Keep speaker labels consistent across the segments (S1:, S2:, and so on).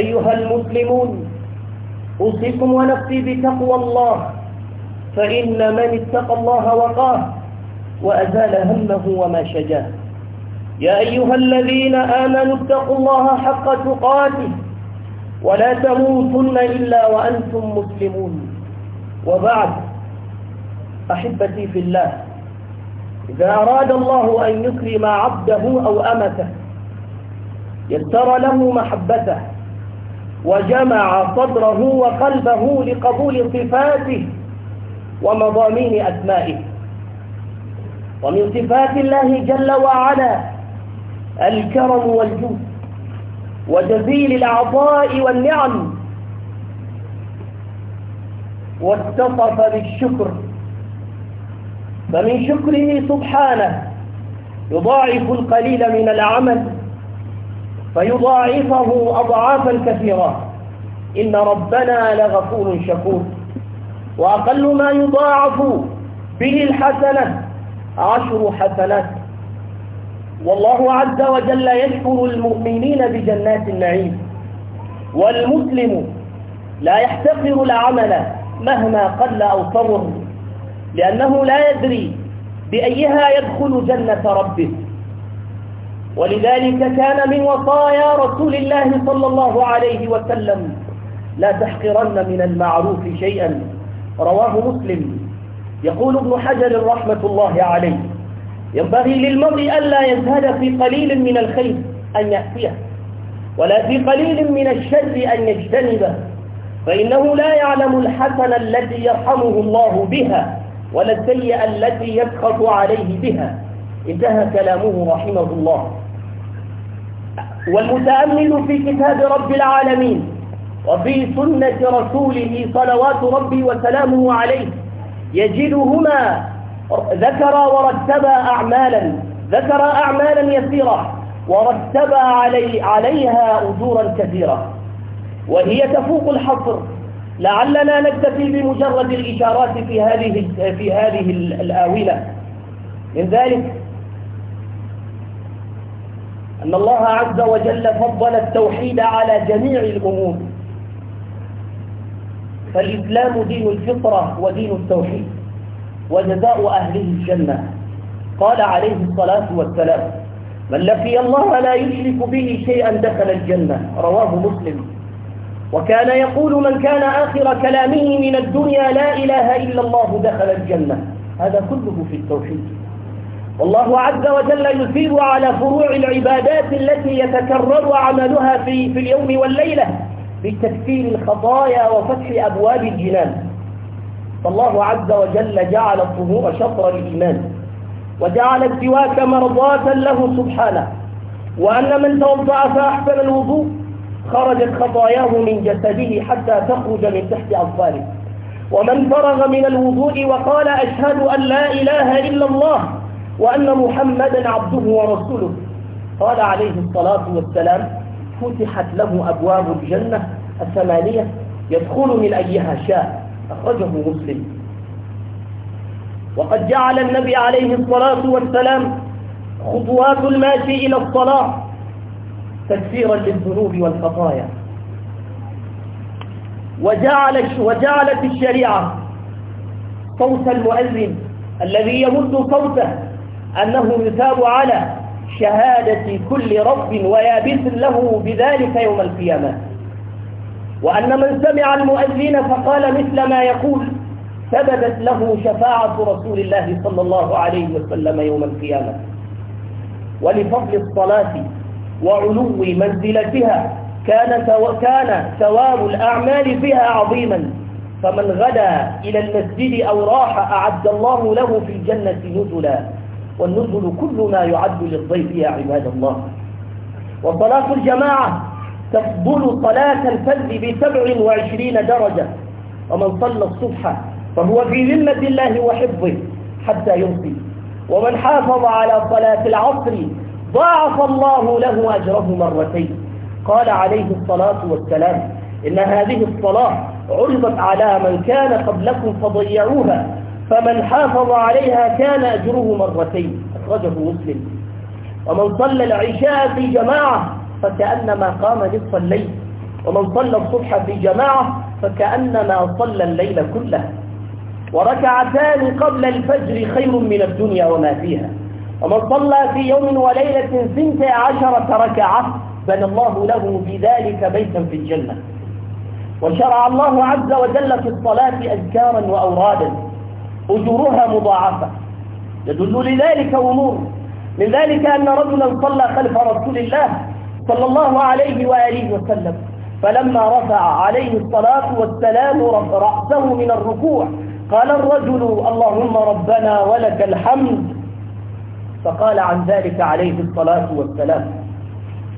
S1: أيها المسلمون أوصيكم ونفسي بتقوى الله فإن من اتقى الله وقاه وأزال همه وما شجاه يا أيها الذين آمنوا اتقوا الله حق تقاته ولا تموتن إلا وأنتم مسلمون وبعد أحبتي في الله إذا أراد الله أن يكرم عبده أو أمته يسر له محبته وجمع صدره وقلبه لقبول صفاته ومضامين أسمائه ومن صفات الله جل وعلا الكرم والجود وجزيل الأعطاء والنعم واتصف بالشكر فمن شكره سبحانه يضاعف القليل من العمل فيضاعفه أضعافا كثيرة إن ربنا لغفور شكور وأقل ما يضاعف به الحسنة عشر حسنات والله عز وجل يشكر المؤمنين بجنات النعيم والمسلم لا يحتقر العمل مهما قل أو كبر لأنه لا يدري بأيها يدخل جنة ربه ولذلك كان من وصايا رسول الله صلى الله عليه وسلم لا تحقرن من المعروف شيئا رواه مسلم يقول ابن حجر رحمة الله عليه ينبغي للمرء ألا يزهد في قليل من الخير أن يأتيه ولا في قليل من الشر أن يجتنبه فإنه لا يعلم الحسن التي يرحمه الله بها ولا السيئة التي يسخط عليه بها انتهى كلامه رحمه الله والمتأمل في كتاب رب العالمين وفي سنة رسوله صلوات ربي وسلامه عليه يجدهما ذكر ورتبا أعمالا ذكر أعمالا يسيرة ورتب علي عليها أجورا كثيرة وهي تفوق الحصر لعلنا نكتفي بمجرد الإشارات في هذه في هذه الآونة من ذلك أن الله عز وجل فضل التوحيد على جميع الأمور فالإسلام دين الفطرة ودين التوحيد وجزاء أهله الجنة قال عليه الصلاة والسلام من لقي الله لا يشرك به شيئا دخل الجنة رواه مسلم وكان يقول من كان آخر كلامه من الدنيا لا إله إلا الله دخل الجنة هذا كله في التوحيد والله عز وجل يثير على فروع العبادات التي يتكرر عملها في, في اليوم والليلة بتكفير الخطايا وفتح أبواب الجنان فالله عز وجل جعل الطهور شطر الإيمان وجعل السواك مرضاة له سبحانه وأن من توضأ فأحسن الوضوء خرجت خطاياه من جسده حتى تخرج من تحت أظفاره ومن فرغ من الوضوء وقال أشهد أن لا إله إلا الله وأن محمدا عبده ورسوله قال عليه الصلاة والسلام فتحت له أبواب الجنة الثمانية يدخل من أيها شاء أخرجه مسلم وقد جعل النبي عليه الصلاة والسلام خطوات الماشي إلى الصلاة تكفيرا للذنوب والخطايا وجعل وجعلت الشريعة صوت المؤذن الذي يمد صوته أنه يثاب على شهادة كل رب ويابس له بذلك يوم القيامة وأن من سمع المؤذن فقال مثل ما يقول ثبتت له شفاعة رسول الله صلى الله عليه وسلم يوم القيامة ولفضل الصلاة وعلو منزلتها كان كان ثواب الأعمال فيها عظيما فمن غدا إلى المسجد أو راح أعد الله له في الجنة نزلا والنزل كل ما يعد للضيف يا عباد الله والصلاة الجماعة تفضل صلاة الفجر بسبع وعشرين درجة ومن صلى الصبح فهو في ذمة الله وحفظه حتى يمضي ومن حافظ على صلاة العصر ضاعف الله له أجره مرتين قال عليه الصلاة والسلام إن هذه الصلاة عرضت على من كان قبلكم فضيعوها فمن حافظ عليها كان أجره مرتين أخرجه مسلم ومن صلى العشاء في جماعة فكأنما قام نصف الليل ومن صلى الصبح في جماعة فكأنما صلى الليل كله وركعتان قبل الفجر خير من الدنيا وما فيها ومن صلى في يوم وليلة سنت عشرة ركعة بنى الله له بذلك بيتا في الجنة وشرع الله عز وجل في الصلاة أذكارا وأورادا أجورها مضاعفة يدل لذلك أمور من ذلك أن رجلا صلى خلف رسول الله صلى الله عليه وآله وسلم فلما رفع عليه الصلاة والسلام رأسه من الركوع قال الرجل اللهم ربنا ولك الحمد فقال عن ذلك عليه الصلاة والسلام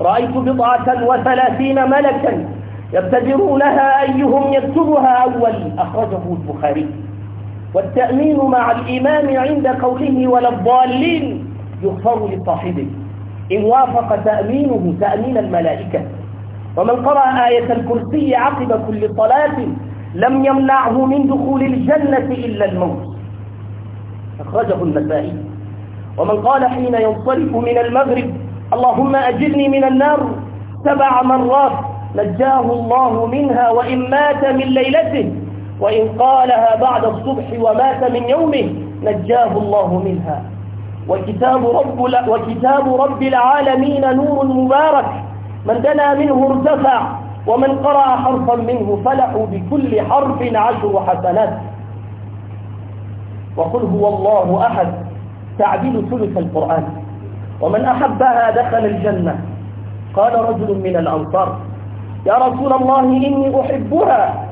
S1: رأيت بضعة وثلاثين ملكا يبتدرونها أيهم يكتبها أول أخرجه البخاري والتأمين مع الإمام عند قوله ولا الضالين يغفر لصاحبه إن وافق تأمينه تأمين الملائكة ومن قرأ آية الكرسي عقب كل صلاة لم يمنعه من دخول الجنة إلا الموت أخرجه النسائي ومن قال حين ينصرف من المغرب اللهم أجرني من النار سبع مرات نجاه الله منها وإن مات من ليلته وإن قالها بعد الصبح ومات من يومه نجاه الله منها وكتاب رب, وكتاب رب العالمين نور مبارك من دنا منه ارتفع ومن قرأ حرفا منه فلحوا بكل حرف عشر حسنات وقل هو الله أحد تعديل ثلث القرآن ومن أحبها دخل الجنة قال رجل من الأنصار يا رسول الله إني أحبها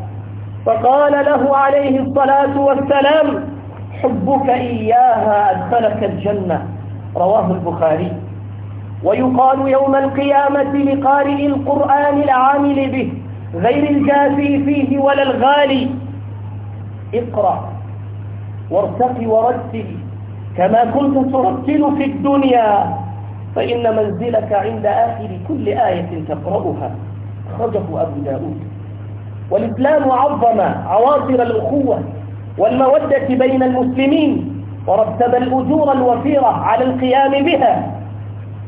S1: فقال له عليه الصلاة والسلام حبك إياها أدخلك الجنة رواه البخاري ويقال يوم القيامة لقارئ القرآن العامل به غير الجافي فيه ولا الغالي اقرأ وارتق ورتل كما كنت ترتل في الدنيا فإن منزلك عند آخر كل آية تقرأها أخرجه أبو داود والإسلام عظم عواصر الأخوة والمودة بين المسلمين ورتب الأجور الوفيرة على القيام بها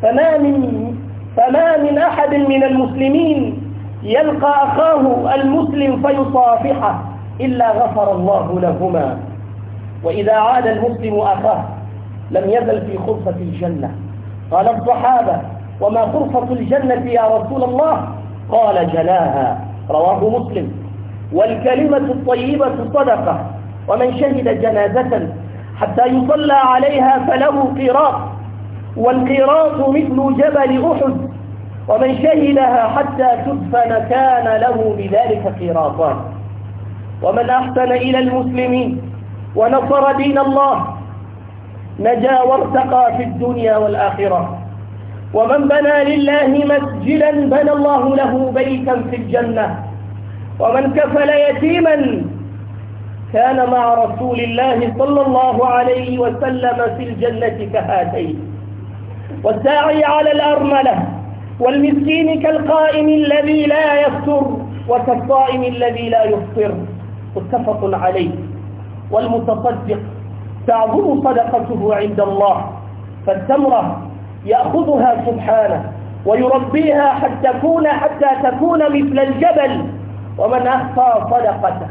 S1: فما من, فما من أحد من المسلمين يلقى أخاه المسلم فيصافحه إلا غفر الله لهما وإذا عاد المسلم أخاه لم يزل في خرفة الجنة قال الصحابة وما خرفة الجنة يا رسول الله قال جلاها رواه مسلم والكلمة الطيبة صدقة ومن شهد جنازة حتى يصلى عليها فله قيراط والقيراط مثل جبل أحد ومن شهدها حتى تدفن كان له بذلك قيراطان ومن أحسن إلى المسلمين ونصر دين الله نجا وارتقى في الدنيا والآخرة ومن بنى لله مسجدا بنى الله له بيتا في الجنة ومن كفل يتيما كان مع رسول الله صلى الله عليه وسلم في الجنة كهاتين والساعي على الأرملة والمسكين كالقائم الذي لا يفتر وكالصائم الذي لا يفطر متفق عليه والمتصدق تعظم صدقته عند الله فالتمره يأخذها سبحانه ويربيها حتى تكون حتى تكون مثل الجبل ومن أخفى صدقته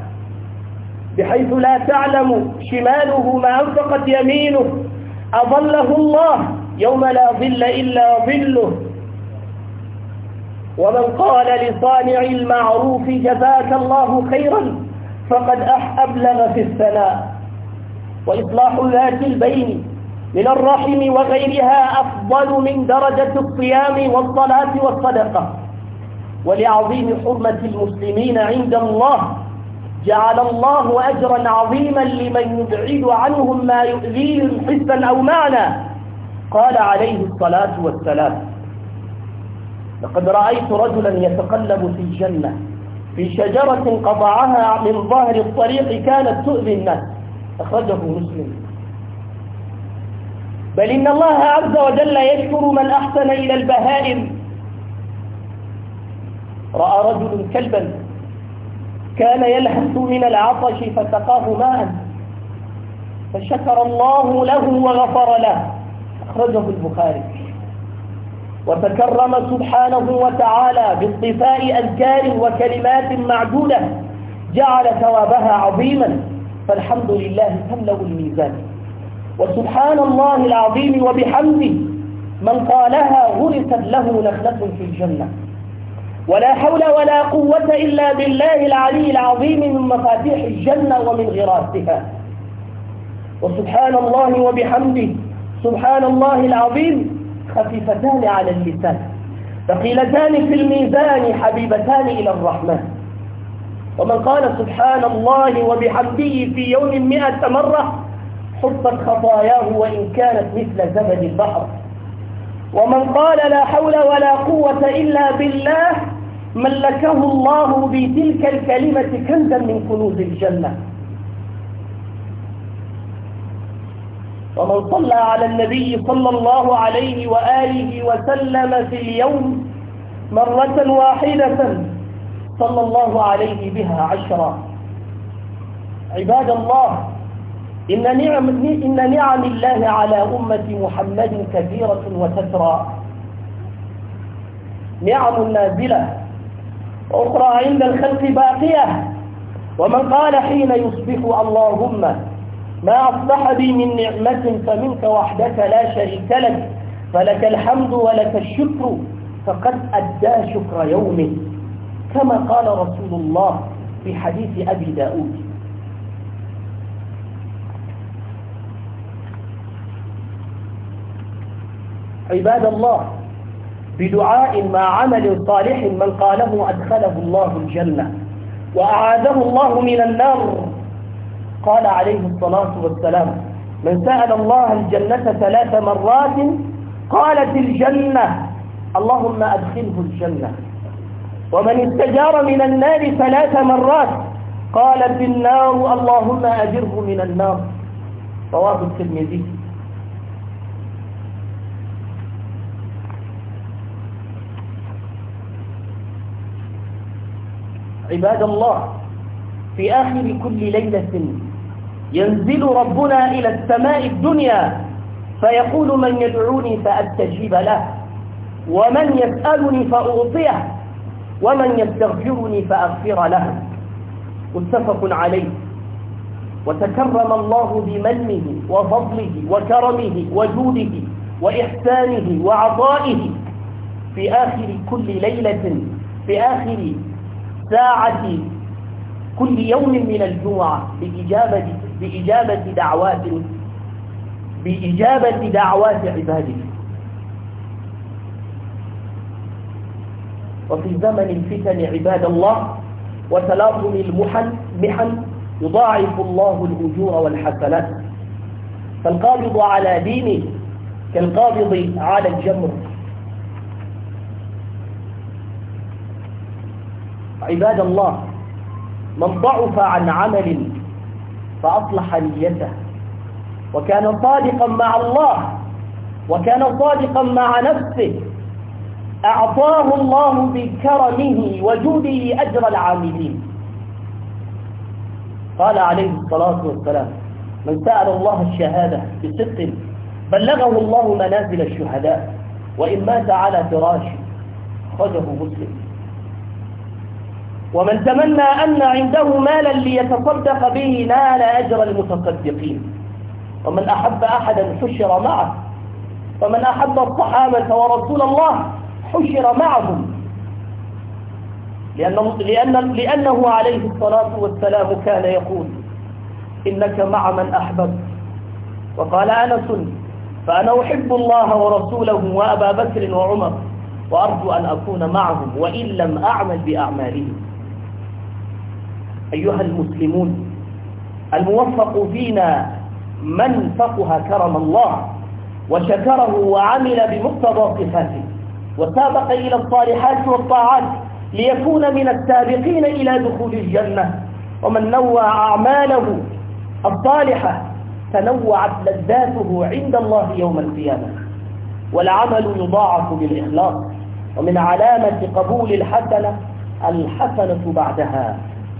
S1: بحيث لا تعلم شماله ما أنفقت يمينه أظله الله يوم لا ظل إلا ظله ومن قال لصانع المعروف جزاك الله خيرا فقد أبلغ في الثناء وإصلاح ذات البين من الرحم وغيرها أفضل من درجة الصيام والصلاة والصدقة ولعظيم حرمة المسلمين عند الله جعل الله أجرا عظيما لمن يبعد عنهم ما يؤذيهم حسا أو معنى قال عليه الصلاة والسلام لقد رأيت رجلا يتقلب في الجنة في شجرة قطعها من ظهر الطريق كانت تؤذي الناس أخرجه مسلم بل إن الله عز وجل يشكر من أحسن إلى البهائم رأى رجل كلبا كان يلهث من العطش فسقاه ماء فشكر الله له وغفر له أخرجه البخاري وتكرم سبحانه وتعالى باصطفاء أذكار وكلمات معدودة جعل ثوابها عظيما فالحمد لله تملأ الميزان وسبحان الله العظيم وبحمده من قالها غرست له نخلة في الجنة ولا حول ولا قوة إلا بالله العلي العظيم من مفاتيح الجنة ومن غراسها وسبحان الله وبحمده سبحان الله العظيم خفيفتان على اللسان ثقيلتان في الميزان حبيبتان إلى الرحمن ومن قال سبحان الله وبحمده في يوم مئة مرة حبت خطاياه وإن كانت مثل زبد البحر ومن قال لا حول ولا قوة إلا بالله ملكه الله بتلك الكلمة كنزا من كنوز الجنة ومن صلى على النبي صلى الله عليه وآله وسلم في اليوم مرة واحدة صلى الله عليه بها عشرا عباد الله إن نعم, إن نعم الله على أمة محمد كثيرة وتترى نعم نازلة أخرى عند الخلق باقية ومن قال حين يصبح اللهم ما أصلح بي من نعمة فمنك وحدك لا شريك لك فلك الحمد ولك الشكر فقد أدى شكر يومه كما قال رسول الله في حديث أبي داود عباد الله بدعاء مع عمل صالح من قاله أدخله الله الجنة وأعاذه الله من النار قال عليه الصلاة والسلام من سأل الله الجنة ثلاث مرات قالت الجنة اللهم أدخله الجنة ومن استجار من النار ثلاث مرات قالت النار اللهم أجره من النار رواه الترمذي عباد الله في آخر كل ليلة ينزل ربنا إلى السماء الدنيا فيقول من يدعوني فأستجيب له ومن يسألني فأعطيه ومن يستغفرني فأغفر له متفق عليه وتكرم الله بمنه وفضله وكرمه وجوده وإحسانه وعطائه في آخر كل ليلة في آخر الساعة كل يوم من الجمعة بإجابة, بإجابة دعوات بإجابة دعوات عباده وفي زمن الفتن عباد الله وتلاطم المحن محن يضاعف الله الأجور والحسنات فالقابض على دينه كالقابض على الجمر عباد الله من ضعف عن عمل فأصلح نيته وكان صادقا مع الله وكان صادقا مع نفسه أعطاه الله بكرمه وجوده أجر العاملين قال عليه الصلاة والسلام من سأل الله الشهادة بصدق بلغه الله منازل الشهداء وإن مات على فراشه أخرجه مسلم ومن تمنى أن عنده مالا ليتصدق به نال أجر المتصدقين ومن أحب أحدا حشر معه ومن أحب الصحابة ورسول الله حشر معهم لأنه, لأن لأنه عليه الصلاة والسلام كان يقول إنك مع من أحببت وقال أنس فأنا أحب الله ورسوله وأبا بكر وعمر وأرجو أن أكون معهم وإن لم أعمل بأعمالهم أيها المسلمون الموفق فينا من فقه كرم الله وشكره وعمل بمقتضى صفاته وسابق إلى الصالحات والطاعات ليكون من السابقين إلى دخول الجنة ومن نوع أعماله الصالحة تنوعت لذاته عند الله يوم القيامة والعمل يضاعف بالإخلاص ومن علامة قبول الحسنة الحسنة بعدها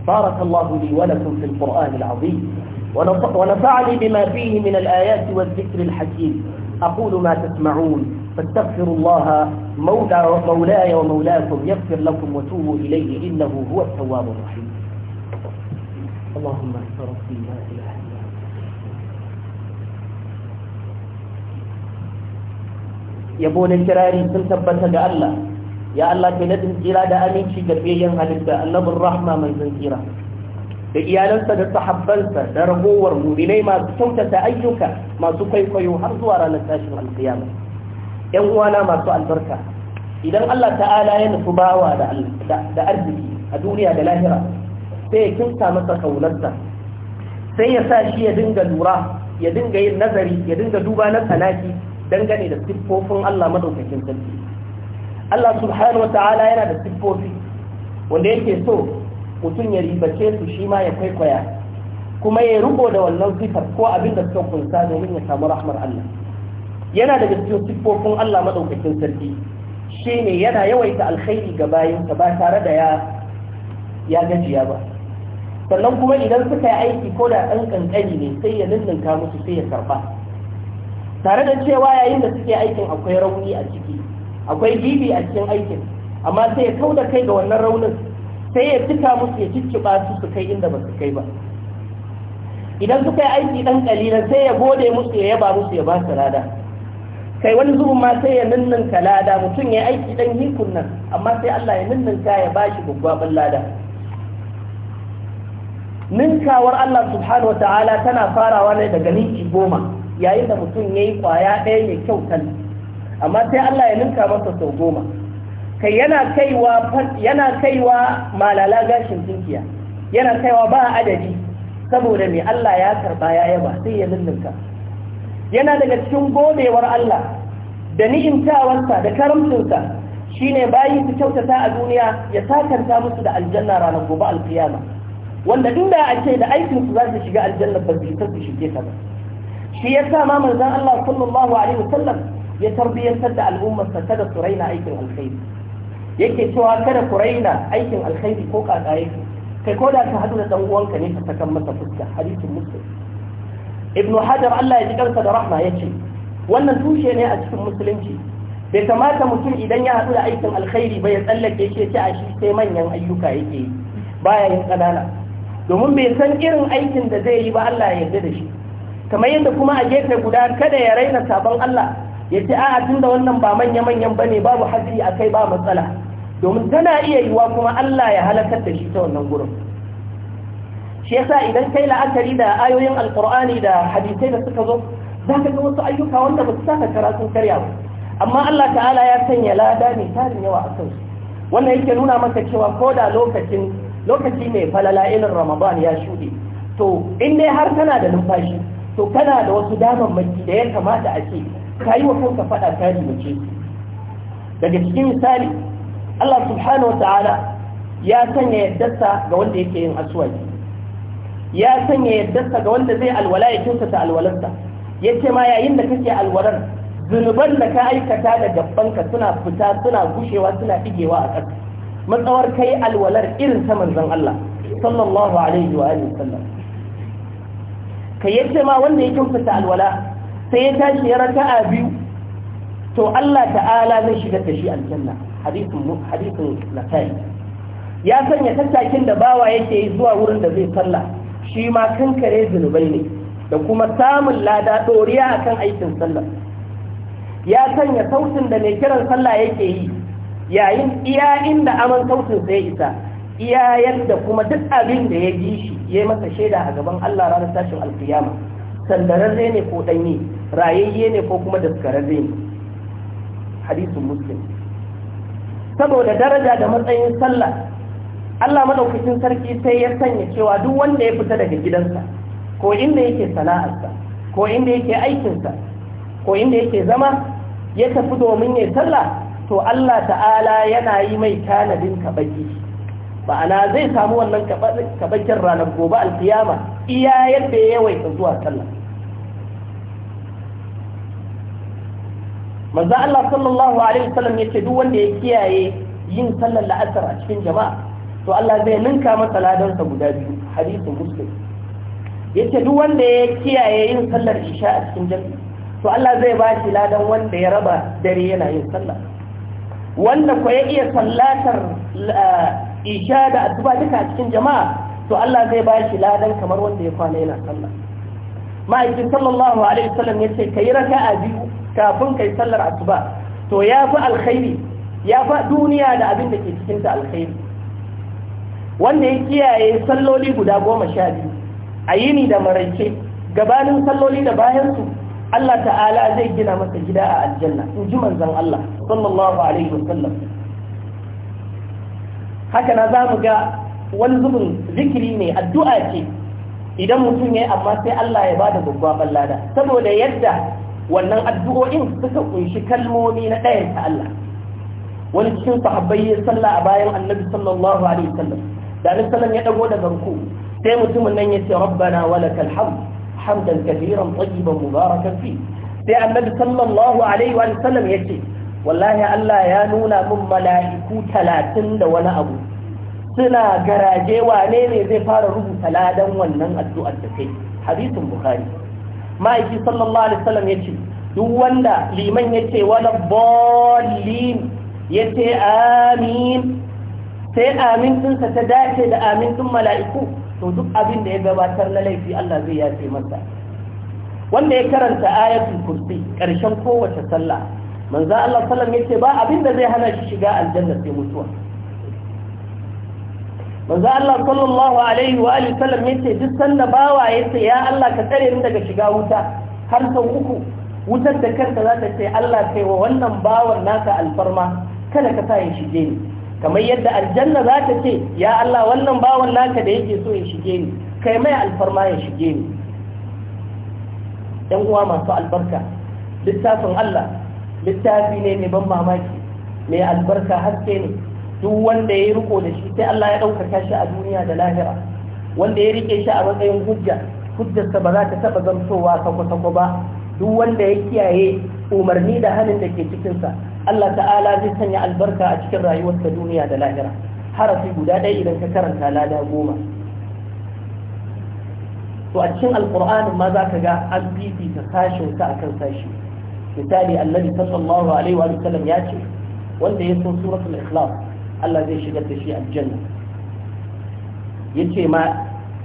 S1: بارك الله لي ولكم في القرآن العظيم ونفعني بما فيه من الآيات والذكر الحكيم أقول ما تسمعون فاستغفروا الله مولاي ومولاكم يغفر لكم وتوبوا إليه إنه هو التواب الرحيم اللهم اغفر لي ما إله إلا يبون الكراري سنتبت الله ya Allah kai nadin kira da aminci ga fiyayyen halitta annabin rahma mai kira. da iyalansa da sahabbansa da ragowar muminai masu kyautata ayyuka masu kwaikwayo har zuwa ranar tashin alkiyama yan uwana masu albarka idan Allah ta'ala ya nufi bawa da arziki a duniya da lahira sai ya kinta masa kaunarsa sai ya sa shi ya dinga lura ya dinga yin nazari ya dinga duba na tsanaki dangane da siffofin Allah madaukakin sarki Allah subhanahu wata'ala yana da siffofi wanda yake so mutum ya ribace su shi ma ya kwaikwaya kuma ya rubo da wannan sifar ko abin da suka kunsa domin ya samu rahmar Allah yana daga cikin siffofin Allah madaukakin sarki Shi ne yana yawaita alkhairi ga bayansa, ba tare da ya ya gajiya ba sannan kuma idan suka yi aiki ko da ɗan ƙanƙani ne sai ya ninninka musu sai ya karɓa tare da cewa yayin da suke aikin akwai rauni a ciki akwai gibi a cikin aikin amma sai ya kau da kai ga wannan raunin sai ya cika musu ya cicciɓa su su kai inda ba su kai ba idan suka yi aiki dan ƙalilan sai ya gode musu ya yaba musu ya ba su lada kai wani zubin ma sai ya ninninka lada mutum ya aiki ɗan hikun nan amma sai Allah ya ka ya ba shi gugwabin lada ninkawar Allah subhanahu wa ta'ala tana farawa ne daga ninki goma yayin da mutum ya yi ƙwaya ɗaya mai kyau kan amma sai Allah ya ninka masa sau goma kai yana kaiwa yana kaiwa malala gashin tunkiya. yana kaiwa ba adadi saboda mai Allah ya karba ya yaba sai ya ninninka yana daga cikin godewar Allah da ni'imtawarsa da karamcinsa shine bayi su kyautata a duniya ya sakanta musu da aljanna ranar gobe alkiyama wanda inda a ce da aikin su za su shiga aljanna ba su shige ta ba shi yasa ma manzon Allah sallallahu alaihi wasallam ya tarbiyyantar da al'ummarsa kada su raina aikin alkhairi yake cewa kada ku raina aikin alkhairi ko kaka kai ko da ka hadu da dan uwanka ne ka saka masa fuska hadisin muslim ibnu hajar Allah ya ji da rahma yace wannan tushe ne a cikin musulunci bai kamata mutum idan ya haɗu da aikin alkhairi ya tsallake shi a shi sai manyan ayyuka yake baya yin kanana domin bai san irin aikin da zai yi ba Allah ya yarda da shi kamar yadda kuma a gefe guda kada ya raina sabon Allah ya a'a tunda wannan ba manya-manyan ba ne babu hadiri a kai ba matsala domin tana iya yiwa kuma Allah ya halakar da shi ta wannan gurin shi yasa idan kai la'akari da ayoyin alkur'ani da hadisai da suka zo za ka ga wasu ayyuka wanda ba su saka karatun karya ba amma Allah ta'ala ya sanya lada mai tarin yawa a kansu wannan yake nuna maka cewa ko da lokacin lokaci mai falala irin ramadan ya shuɗe to in dai har kana da numfashi to kana da wasu damammaki da ya kamata a ce ka yi wa kanka faɗa ta ribace daga cikin misali Allah subhanahu wa ta'ala ya sanya yaddarsa ga wanda yake yin aswaji ya sanya yaddarsa ga wanda zai alwala ya kyautata alwalarsa ya ce ma yayin da kake alwalar zunuban da ka aikata da gabbanka suna fita suna gushewa suna ɗigewa a ƙasa matsawar kai alwalar irin ta manzon Allah sallallahu alaihi wa alihi sallam kai ya ce ma wanda ya kyautata alwala sai ya tashi ya a biyu to Allah ta'ala zai shigar da shi aljanna hadithun hadithun ya sanya tattakin da bawa yake yi zuwa wurin da zai sallah shi ma kankare zunubai ne da kuma samun lada doriya akan aikin sallah ya sanya sautin da mai kiran sallah yake yi yayin iya inda aman sautin sai isa iya yadda kuma duk abin da ya ji shi ya masa shaida a gaban Allah ranar tashin alkiyama sandararre ne ko ɗanye. rayayye ne ko kuma daskararre ne hadisun muslim saboda daraja da matsayin sallah Allah maɗaukacin sarki sai ya sanya cewa duk wanda ya fita daga gidansa ko inda yake sana'arsa ko inda yake aikinsa ko inda yake zama ya tafi domin ya sallah to Allah ta'ala yana yi mai tanadin kabaki ma'ana zai samu wannan kabakin ranar gobe alfiyama. iya yadda ya yawaita zuwa sallah manzo Allah sallallahu alaihi wasallam ce duk wanda ya kiyaye yin sallar la'asar a cikin jama'a to Allah zai ninka masa ladansa guda biyu hadisin muslim yace duk wanda ya kiyaye yin sallar isha a cikin jami'a to Allah zai ba shi ladan wanda ya raba dare yana yin sallah wanda ko ya iya sallatar eh, isha da addu'a duka a cikin jama'a to Allah zai ba shi ladan kamar wanda ya kwana yana sallah ma'aikin sallallahu alaihi wasallam yace kai raka'a biyu kafin kai sallar asuba to ya fi alkhairi ya fi duniya da abin da ke ta alkhairi wanda ya kiyaye salloli guda goma sha biyu a yini da maraice gabanin salloli da bayansu Allah ta'ala zai gina masa gida a aljanna in ji manzan Allah sallallahu alaihi wasallam haka na za mu ga wani zubin zikiri ne addu'a ce idan mutum ya yi amma sai Allah ya bada babban lada saboda yadda wannan addu'o'in suka kunshi kalmomi na ɗayan ta Allah wani cikin sahabbai ya sallah a bayan annabi sallallahu alaihi wasallam da annabi sallallahu ya dago daga ruku sai mutumin nan ya ce rabbana walakal hamd hamdan kathiran tayyiban mubarakan fi sai annabi sallallahu alaihi wa sallam ya ce wallahi Allah ya nuna min mala'iku talatin da wani abu suna garaje wane ne zai fara rubuta ladan wannan addu'ar da kai hadisin bukhari ma'aiki sallallahu alaihi wasallam ya ce duk wanda liman ya ce wala bolin ya ce amin sai amin ɗinsa ta dace da amin ɗin mala'iku to duk abin da ya gabatar na laifi Allah zai yafe masa wanda ya karanta ayatul kursi ƙarshen kowace sallah manzo Allah ya yace ba abin da zai hana shi shiga aljanna sai mutuwa manzo Allah sallallahu alaihi wa alihi sallam yace duk sanda bawa yace ya Allah ka tsare ni daga shiga wuta har sau uku wutar da kanta za ta ce Allah kai wa wannan bawan naka alfarma kada ka sa ya shige ni kamar yadda aljanna za ta ce ya Allah wannan bawan naka da yake so ya shige ni kai mai alfarma ya shige ni yan uwa masu albarka littafin Allah littafi ne mai ban mamaki mai albarka haske ne duk wanda ya riko da shi sai Allah ya ɗaukaka shi a duniya da lahira wanda ya rike shi a matsayin hujja hujjarsa ba za ta taɓa zamtowa sako-sako ba duk wanda ya kiyaye umarni da hannun da ke cikinsa Allah ta'ala zai sanya albarka a cikin rayuwarsa duniya da lahira harafi guda ɗaya idan ka karanta lada goma to a cikin alƙur'anin ma za ka ga an fifita sashinsa a kan sashi misali annabi sallallahu alaihi wa sallam ya ce wanda ya so suratul ikhlas Allah zai shigar da shi aljanna ce ma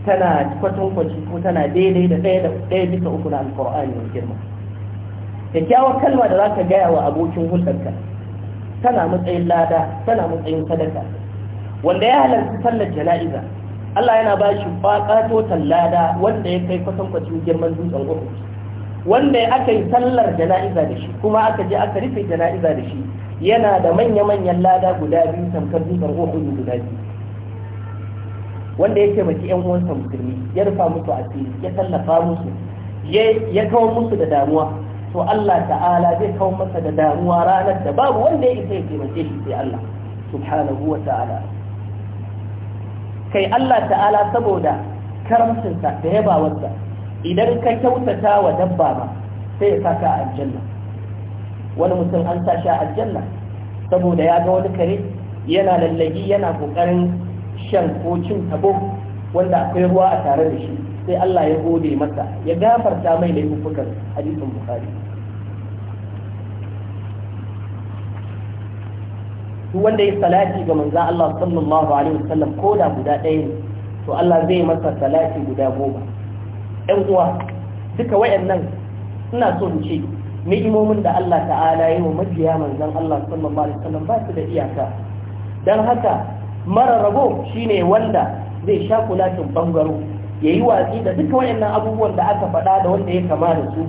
S1: tana kwatankwaci ko tana daidai da ɗaya da ɗaya bisa uku na alƙur'ani mai girma kyakkyawar kalma da za ka gaya wa abokin hulɗarka tana matsayin lada tana matsayin sadaka wanda ya halarci sallar jana'iza Allah yana ba shi baƙato lada wanda ya kai kwatankwacin girman dutsen uku wanda aka yi sallar jana'iza da shi kuma aka je aka rufe jana'iza da shi yana da manya-manyan lada guda biyu tamkar dutsen uhudu guda biyu wanda ya taimaki yan uwansa musulmi ya rufa musu asiri ya tallafa musu ya kawo musu da damuwa to Allah ta'ala zai kawo masa da damuwa ranar da babu wanda ya isa ya taimake shi sai Allah subhanahu wa ta'ala kai Allah ta'ala saboda karamcinsa da yabawarsa idan ka kyautata wa dabba ma sai ya saka a aljanna wani mutum an sa shi a aljanna saboda ya ga wani kare yana lallagi yana kokarin shan ko cin tabo wanda akwai ruwa a tare da shi sai Allah ya gode masa ya gafarta mai laifukan hadisin bukhari duk wanda ya salati ga manzo Allah sallallahu alaihi wasallam ko da guda ɗaya ne to Allah zai masa salati guda goma ɗan uwa duka wayannan ina so in ce ni'imomin da Allah ta'ala yi wa majiya manzon Allah sallallahu alaihi wasallam ba su da iyaka dan haka mara rago shine wanda zai sha kulatin bangaro yayi watsi da duka wayannan abubuwan da aka faɗa da wanda ya kama da su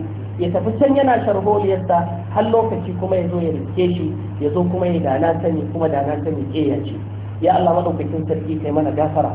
S1: ya tafi can yana sharholiyarsa har lokaci kuma ya zo ya rike shi ya zo kuma ya dana sani kuma dana sani ke ya ce ya Allah madaukakin sarki kai mana gafara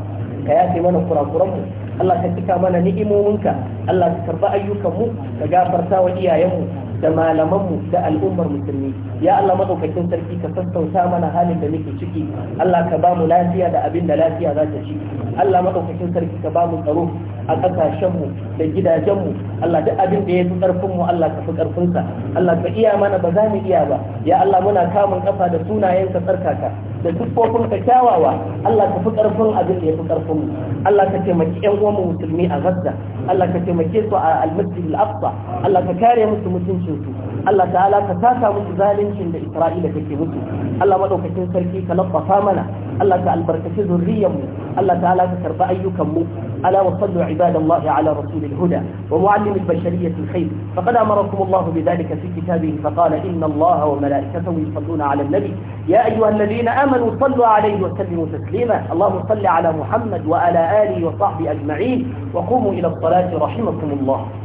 S1: ka yafe mana kurakuran mu Allah ka cika mana ni'imominka Allah ka karba ayyukan mu ka gafarta wa iyayen mu da malamanmu da al'ummar musulmi ya Allah madaukakin sarki ka sassauta mana halin da muke ciki Allah ka ba mu lafiya da abin da lafiya za ta ci Allah madaukakin sarki ka ba mu tsaro a ƙasashenmu da gidajenmu Allah duk abin da ya fi ƙarfinmu Allah ka fi ƙarfinsa. Allah ka iya mana ba za mu iya ba ya Allah muna kamun ƙafa da sunayen ka tsarkaka da siffofin ka kyawawa Allah ka fi ƙarfin abin da ya fi ƙarfinmu. Allah ka taimaki yan uwan musulmi a Gaza Allah ka taimake su a almasjid al-aqsa Allah ka kare musu mutuncin su Allah ta'ala ka taka musu zalincin da Isra'ila take musu Allah madaukakin sarki ka labbafa mana Allah ka albarkaci zurriyar mu Allah ta'ala ka karba ayyukan mu ala wa sallu ibadallahi ala rasulil huda wa muallim al bashariyah al khair faqad amarakum Allah bi dhalika fi kitabihi faqala inna Allah wa malaikatahu yusalluna ala an-nabi ya ayyuha alladhina amanu sallu alayhi wa sallimu taslima Allahumma salli ala Muhammad wa ala alihi wa sahbihi ajma'in wa qumu ila as-salati rahimakumullah